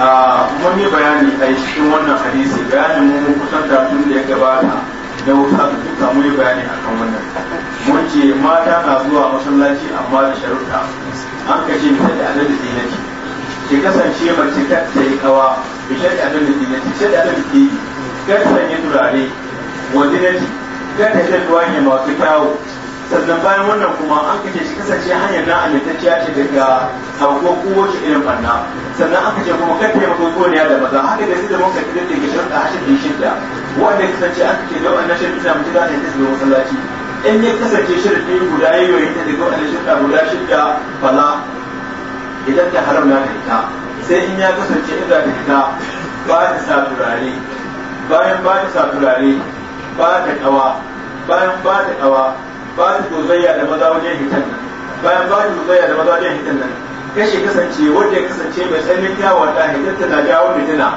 mun yi bayani a cikin wannan hadisi bayanin mu kusan da tun da ya gabata da wuta su duka mun yi bayani a kan wannan mun ce mata na zuwa masallaci amma da sharuɗa an kashe mu da adadin zinaki ke kasance mace ta ta yi kawa bishar da adadin zinaki ce da adadin zinaki kar sanya turare wa zinaki kar ta shan ruwa ne masu kyawu sannan bayan wannan kuma an kashe shi kasance hanyar na amintacciya ce daga ko kowace irin fanna sannan aka ce kuma kai taimako ne da maza haka da sai da mun kafi da ke da hashin da da wanda ya kasance aka ce da wannan shirka ta mutu za ta yi tasiri masallaci in ya kasance ɗin guda ya yi ta daga wannan da guda da fala idan ta haram na ta sai in ya kasance inda ta ba ta sa turare bayan ba ta sa turare ba ta kawa bayan ba ta kawa ba ta gozayya da maza wajen hitan nan bayan ba ta gozayya da maza wajen hitan nan kashe kasance wanda ya kasance mai tsanin kyawa ta hidinta na jawo jina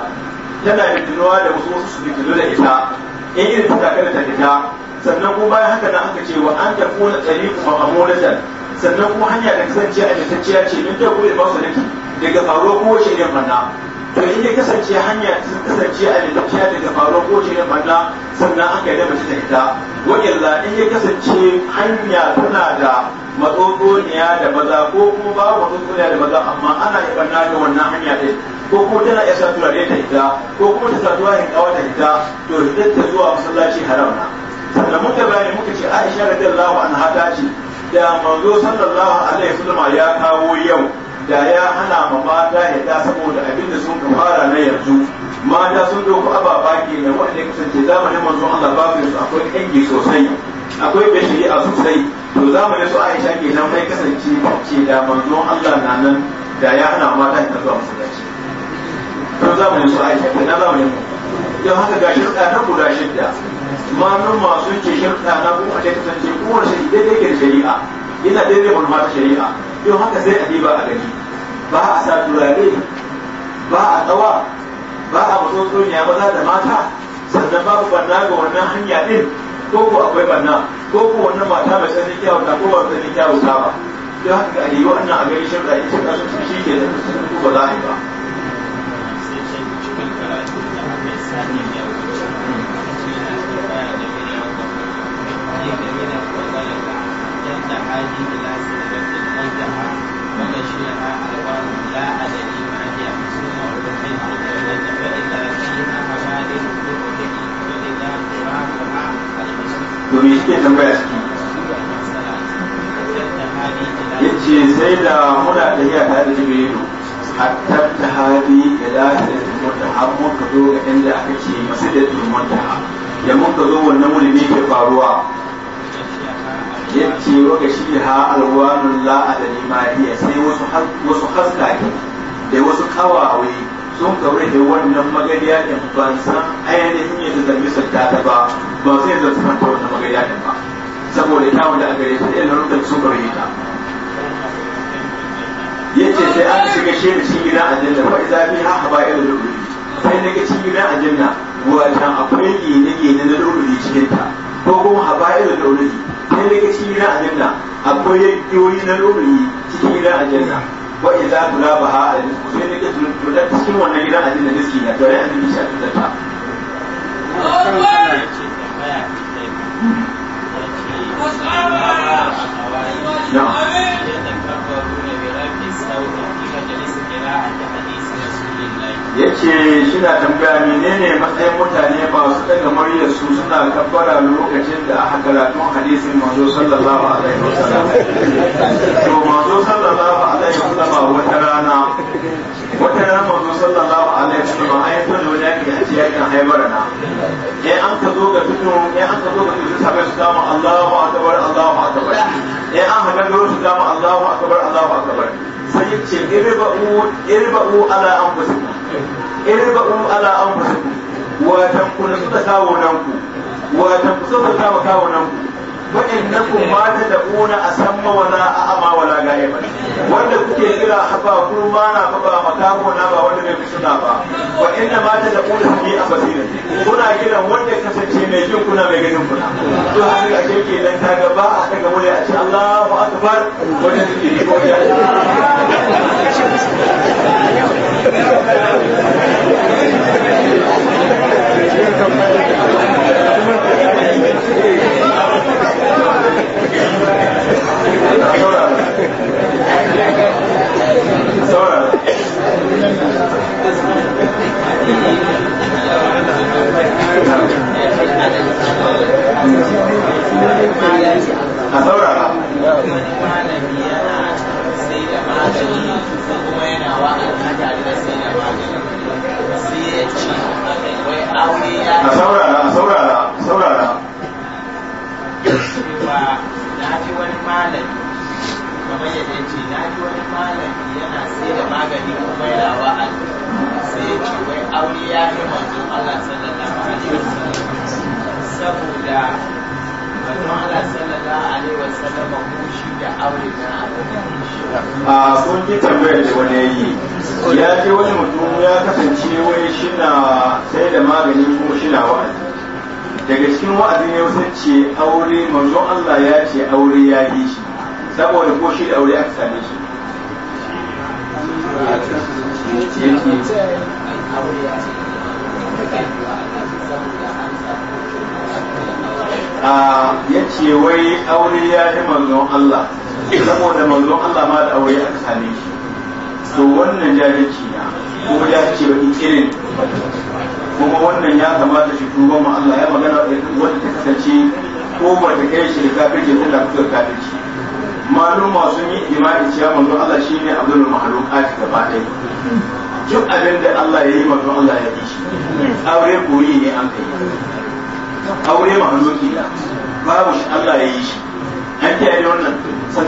tana fitinuwa da wasu wasu su fitinu da ita in irin ta kada ta fita sannan kuma bayan haka na aka ce wa an ta kona tsari kuma a mamulatan sannan kuma hanya da kasance a fitacciya ce min da kuma ba su daga faruwa kowace shi ne to in ya kasance hanya sun kasance a lalaciya daga faruwar goce na banna sannan aka yi da mace ta ita in ya kasance hanya tana da matsotsoniya da maza ko kuma ba matsotsoniya da maza amma ana yi banna da wannan hanya ɗin ko kuma tana iya sa turare ta ita ko kuma ta sa ne kawa ta ita to ta zuwa masallaci haram na sannan mun ta bayani muka ce Aisha radiyallahu anha ta ce da manzo sallallahu alaihi wasallam ya kawo yau da ya hana ma mata yadda saboda abin da sun fara na yanzu mata sun doko ababa ke da wanda ya kasance zamanin manzon Allah babu su akwai kangi sosai akwai bashiri a sosai to zamanin su Aisha ke nan mai kasance ce da manzon Allah na nan da ya hana ma mata yadda zuwa masallaci to zamanin su Aisha ke nan zamanin don haka ga shirka na guda shidda malum masu ce shirka na kuma ta kasance kowace daidai ke shari'a yana ɗaya ne ta shari'a yau haka sai a diba a gani ba a sa turare ba a tsawa ba a ya maza da mata sannan babu banna ga wannan hanya din ko ko akwai banna ko ko wannan mata mai sanin kyawu ta ko ba sanin kyawu ta ba don haka a yi wannan a gani shirya ita ta su shi ke da ba za a yi ba. هذه الأسئلة الموجهة وغشيها ألوان لا أدري ما هي فإذا فيها حوادث فإذا yace sai da muna da iya tare da jibrilu hatta ta hadi ila da muntaha mun ka zo ga inda aka ce da muntaha ya mun ka zo wannan wuri ne ke faruwa yace wa gashi ha alwanun la adani ma hiya sai wasu wasu haskake da wasu kawawe sun kaure da wannan magariya din ban san ainihin yadda zargi sun ta ba ba sai zan san ta wannan magariya din ba saboda kyawun da aka yi ta ilan rukun sun kaure ta yace sai aka shiga shi da shi gidan aljanna fa idza fi ha haba'il lulu sai daga cikin gidan aljanna wata akwai gine-gine na lulu cikin ta ko kuma haba haba'il lulu lalle ka cikin gidan aljanna akwai yankiyoyi na lokaci cikin gidan aljanna wa idza tulaba ha al rizq sai ne ke to cikin wannan gidan aljanna rizki na to ya annabi shi ta ta نعم. يتكبرون برب السوء في مجلس قراءة حديث yace shi na tambaya menene matsayin mutane ba su daga murya su suna kabbara lokacin da aka karatu hadisin manzo sallallahu alaihi wasallam to manzo sallallahu alaihi wasallam wata rana wata rana manzo sallallahu alaihi wasallam ai ta dole ne a cikin yakin haibara na eh an ka zo ga fito eh an ka zo ga fito sabai su dama Allahu akbar Allahu akbar eh an ka zo su dama Allahu akbar Allahu akbar sai ya ce irba'u irba'u ala anfusikum irba'u ala anfusikum watan ku nutsa kawo nan ku watan ku saba kawo kawo nan ku wa innakum ma a asamma wala a'ma wala ba wanda kuke kira haba kuma na faɓa ba makamu na ba wanda bai kusuna ba wa inna ma su a basirin kuna kira wanda kasance mai jin kuna mai ganin kuna to hannu ga ke ke ba a ta gaba a ce Allahu akbar wanda suke ko ya saurara a sun yi tambayar da wani yayi ya ce wani mutum ya kasance wai shi na sai da magani kuma shi na daga cikin wa'azin ya wasan ce aure manzo Allah ya ce aure ya yi shi saboda ko shi da aure aka same shi a ya ce wai aure ya yi manzon Allah saboda manzon Allah ma da aure aka same shi to wannan jahilci na kuma jahilci ba irin kuma wannan ya kamata shi tuba mu Allah ya magana wanda ta kasance ko ba ta kai shi da kafirci ta lafiya kafirci maluma sun yi imani cewa manzon Allah shine Abdul Mahlukat gaba ɗaya duk abin da Allah ya yi manzon Allah ya yi shi aure koyi ne an kai aure mahluki da babu shi Allah ya yi shi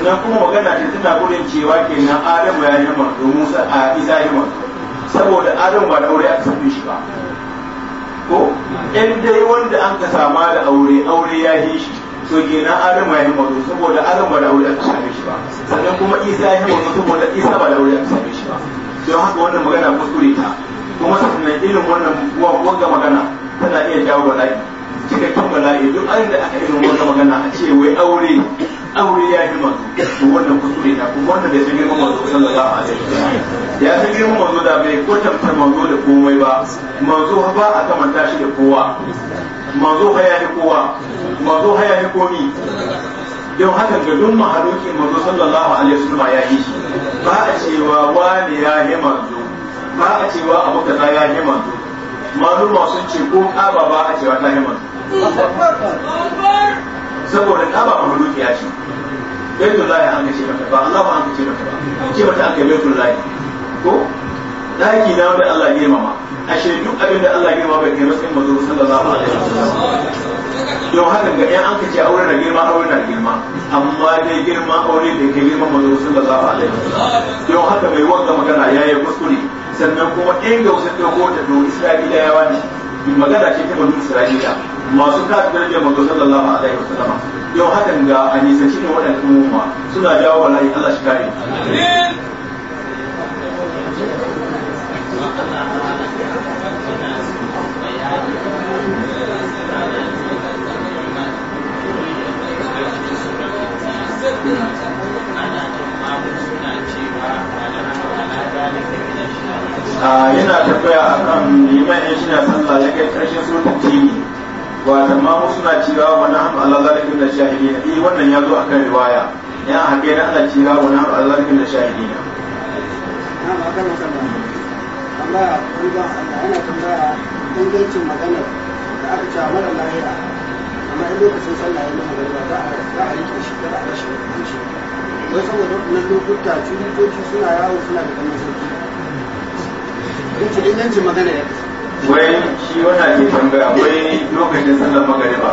sannan kuma magana ce tana gurin cewa kenan adam ya yi namar domin a isa yi namar saboda adam ba da aure aka sami shi ba ko in dai wanda an ka sama da aure aure ya yi shi to kenan adam ya yi namar saboda adam ba da aure aka sami shi ba sannan kuma isa yi namar saboda isa ba da aure aka sami shi ba don haka wannan magana kuskure ta kuma sannan irin wannan wanga magana tana iya jawo bala'i cikakken bala'i duk an da aka irin wannan magana a ce wai aure aure ya yi manzo to wannan kuskure na kuma wanda bai san girman manzo sallallahu alaihi wasallam ya san girman manzo da bai ko kwatanta manzo da komai ba manzo ba a kamanta shi da kowa manzo haya ne kowa manzo haya ne komi don haka ga duk mahaluki manzo sallallahu alaihi wasallam ya yi shi ba a cewa wani ya yi manzo ba a cewa abu kaza ya yi manzo maluma sun ce ko ƙaba ba a cewa ta yi manzo saboda ta ba mamuluki ya ce baitul lahi an kace mata ba Allah ba an kace mata ba ce mata an kai baitul lahi ko daki na wanda Allah ya mama ashe duk abin da Allah ya mama bai kai matsayin manzo sallallahu alaihi wasallam don haka ga ɗan an kace aure da girma aure da girma amma dai girma aure da kai girma manzo sallallahu alaihi wasallam Yau haka bai wanga magana yayi kuskure sannan kuma inda wasu ko ta do Isra'ila ya wani magana ce ta manzo Isra'ila masu kafin da manzo sallallahu alaihi wasallam yau hakan ga a nisanci ne waɗannan umma suna jawo bala'i Allah shi kare ah, yana tafiya akan liman yan shi na sallah ya kai karshen surutun tini wa mu suna cewa wa na'am Allah zalikin da shahidina eh wannan ya zo akan riwaya ya hake na Allah cewa wa na'am Allah zalikin da shahidina tambaya wani ba Allah yana tambaya ingancin magana da aka cewa mara lahira amma in lokacin sallah ya nuna gari za a za a rike shi kada a rashin hukunci wai saboda na lokuta cututtuki suna yawo suna da kamar sauki. Rinci ingancin magana ya kasa. wai shi wannan ke tambaya wai lokacin sallar magariba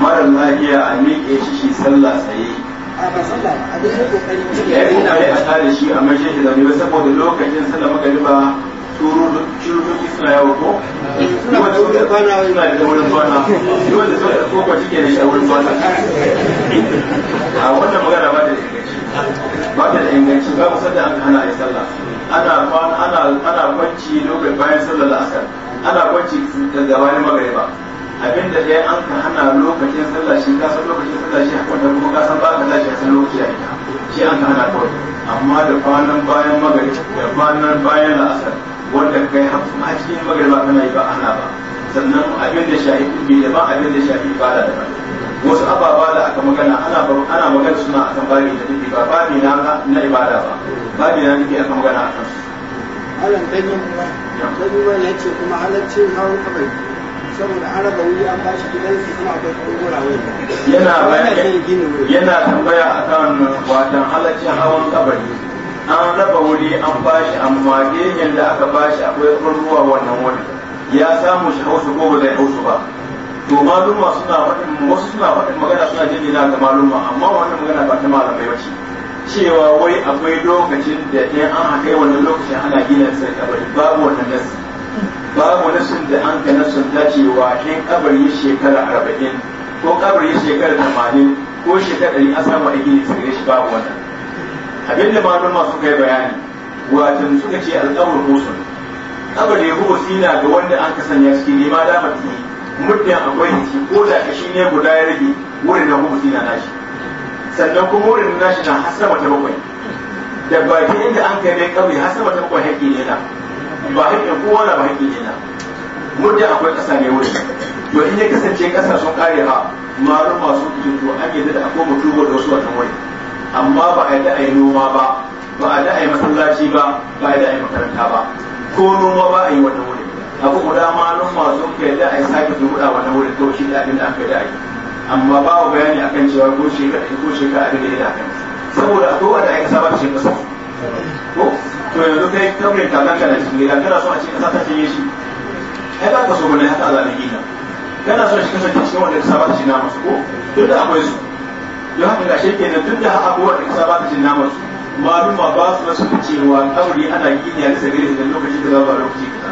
mara lafiya a miƙe shi shi sallah tsaye a ba sallah a duk yau kokari ya eh, ina ya tsare shi a mai shi da ne saboda lokacin sallar magariba turutoki suna yawo ko kuma da wurin kwana wani da wurin kwana yi wanda suka da kofa shi a wurin kwana a wannan magana ba da inganci ba ta da inganci ba musamman an hana a yi sallah ana ana ana kwanci lokacin bayan sallar asar ana kwanci daga bayan magariba abin da dai an ka hana lokacin sallah shi ka san lokacin sallah shi wanda kuma ka san ba ka tashi a san lokaci a shi an ka hana kawai amma da kwanan bayan magariba da kwanan bayan asar wanda kai hamsin a cikin magariba kana yi ba ana ba sannan abin da shahi bi da ba abin da shahi ba da ba wasu ababa da aka magana ana ana magana suna akan babi da take ba babi na na ibada ba babi na nake aka magana akan su alan danyen ba sai ba ya ce kuma halaccin hawan kabari saboda an raba wuri an bashi su kuma akwai kungura wani yana bayan yana tambaya akan watan halaccin hawan kabari an raba wuri an bashi amma gehen da aka bashi akwai ruwa wannan wani ya samu shi hausu ko ba zai hausu ba to maluma suna faɗin wasu suna faɗin magana suna jin da ga maluma amma wannan magana ba ta malamai ba ce cewa wai akwai lokacin da yi an haka wannan lokacin ana gina sai kabari babu wannan nasi babu nasin da an ka nasin ta cewa in kabari shekara arba'in ko kabari shekara tamanin ko shekara ɗari an samu a gini sai shi babu wannan da maluma suka yi bayani watan suka ce al'amur musul kabari hukusi na ga wanda an ka sanya cikin nema damar tuni muddin akwai ci ko da kashi ne guda ya rage wurin da hubusi na nashi sannan kuma wurin na nashi na hasar ta bakwai da baki inda an kai mai kawai hasar ta bakwai haƙƙi ne na ba haƙƙin kowa na ba haƙƙi ne na muddin akwai ƙasa ne wurin to in ya kasance ƙasa sun ƙare ha marun masu kujinto an yi da akwai mutubo da wasu watan wuri amma ba a yi da a yi noma ba ba a da a yi masallaci ba ba a yi da a yi makaranta ba ko noma ba a yi wannan wuri abu guda malum ma sun kai da ai sake dubuda wannan wurin to shi da abin da aka da ai amma wa bayani akan cewa ko shi ka ko shi ka abin da ya dace saboda a kowa da ai saba shi kasa ko to yanzu kai kamar ta kanka na shi da kana so a ce ka ta cinye shi ai ba ka so bane haka Allah ne kina kana so shi kasance cikin wanda ka saba shi musu ko duk da akwai su don haka ga shi kenan duk da abubuwan da ka saba shi na malum ma ba su masu cewa kabari ana gina da sabiri da lokaci da ba lokaci ka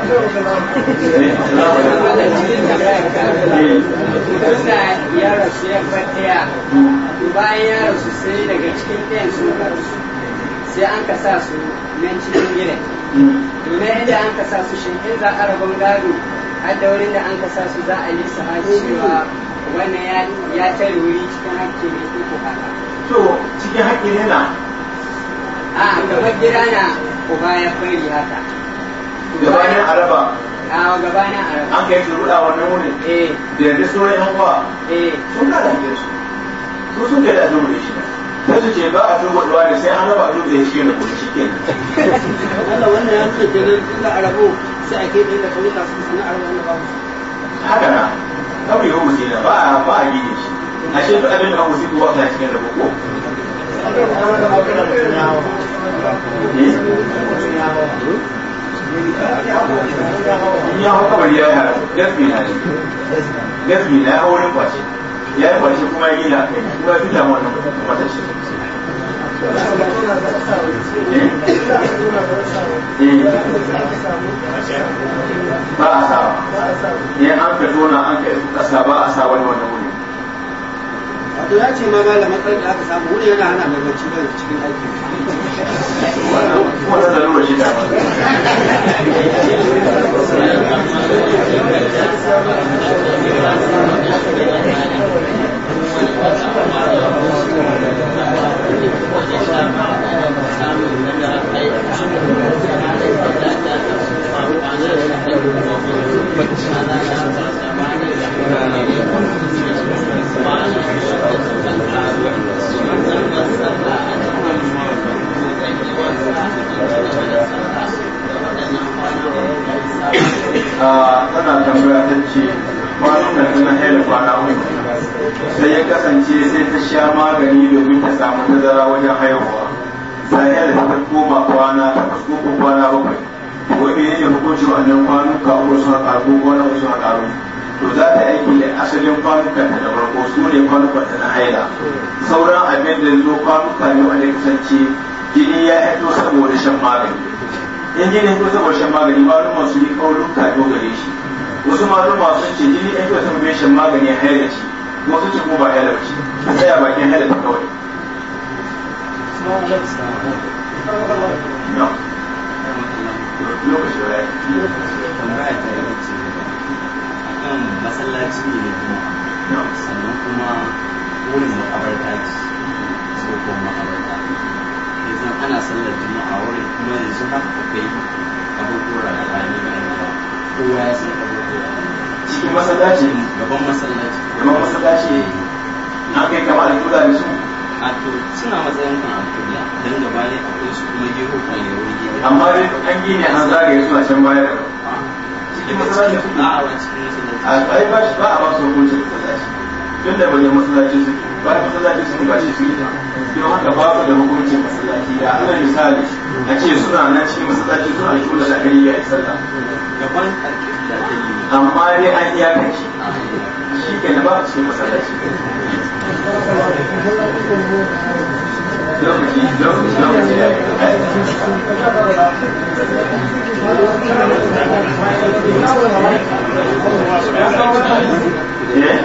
tunda ya rasu ya bar ɗaya bayan ya rasu sai daga cikin ɗayan sun rasu sai an ka sa su nan cikin gidan to na inda an ka sa su shi in za a rabon gado har da wurin da an ka sa su za a yi su har cewa wannan ya tare wuri cikin hakki ne ko ko haka to cikin hakki ne na a gaba gida na uba ya fari haka gabanin araba gabanin araba an kai shuru da wannan wurin eh da yadda sauran yan uwa eh sun da lafiyar su su sun kai da zuwa shi sai su ce ba a tuba ruwa ne sai an raba a da shi ne kuma shi ke Allah wannan ya ce kenan tun da arabo sai a kai da kauyuka su sanar araba wannan ba haka na kawai yau musina ba a ba a gine shi a shi duk abin da an musibu ba a cikin rabo ko Thank you. in ya ya ne ya kwace ya yi kwace kuma ya kai kuma ya fi damu ba a sa in an ka tona ba a sa wani wannan wuri wato ya ce ma da aka samu wuri yana hana mai cikin aiki tana tambaya ta ce kwanan da tana haila kwana uku sai ya kasance sai ta sha magani domin ta samu tazara wajen haihuwa sai ya ta koma kwana ta kuskoko kwana bakwai wani ne hukunci wannan kwanuka ko suna ƙaru kwana uku suna ƙaru to za ta aiki da asalin kwanukan ta da farko su ne kwanukan ta na haila sauran abin da zo kwanuka ne wanda kasance jini ya haito saboda shan magani in jini ko saboda shan magani malum masu yi kaurin ka dogare shi wasu malum masu ce jini in ko shan magani ya hayar ci wasu ce ko ba hayar ci a tsaya bakin hayar kawai masallaci ne kuma sannan kuma wurin makabarta ce tsohon makabarta idan ana sallar juma'a wurin kuma yanzu har akwai abubuwa da bayan da yawa kowa ya san abubuwa cikin masallaci gaban masallaci gaban masallaci na kai kama da kula da su a to suna matsayin kan alƙibla don gaba ne akwai su kuma gero kan ya wuri gero amma dai an gine an zagaye su a can baya da cikin masallaci a a cikin masallaci a ba ba a ba su hukuncin masallaci tun da wajen masallaci suke ba da sun su yi ta don haka babu da hukuncin masallaci da ana misali a ce suna nan cikin masallaci suna da kula da gari ya yi sallah amma dai an iya kaci shi ke da ba a cikin masallaci Yeah.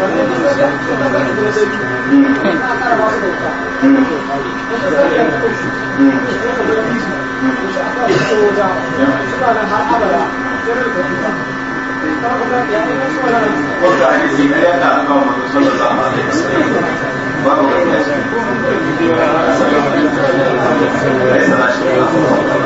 wanda hadisi na ya ta kan wani sallallahu alaihi wasallam babu wani ya shi